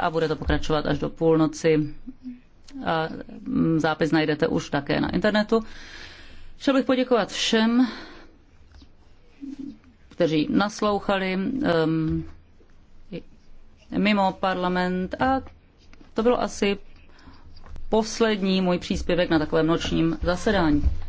a bude to pokračovat až do půlnoci. A mm, zápis najdete už také na internetu. Chtěl bych poděkovat všem, kteří naslouchali um, mimo parlament a to bylo asi poslední můj příspěvek na takovém nočním zasedání.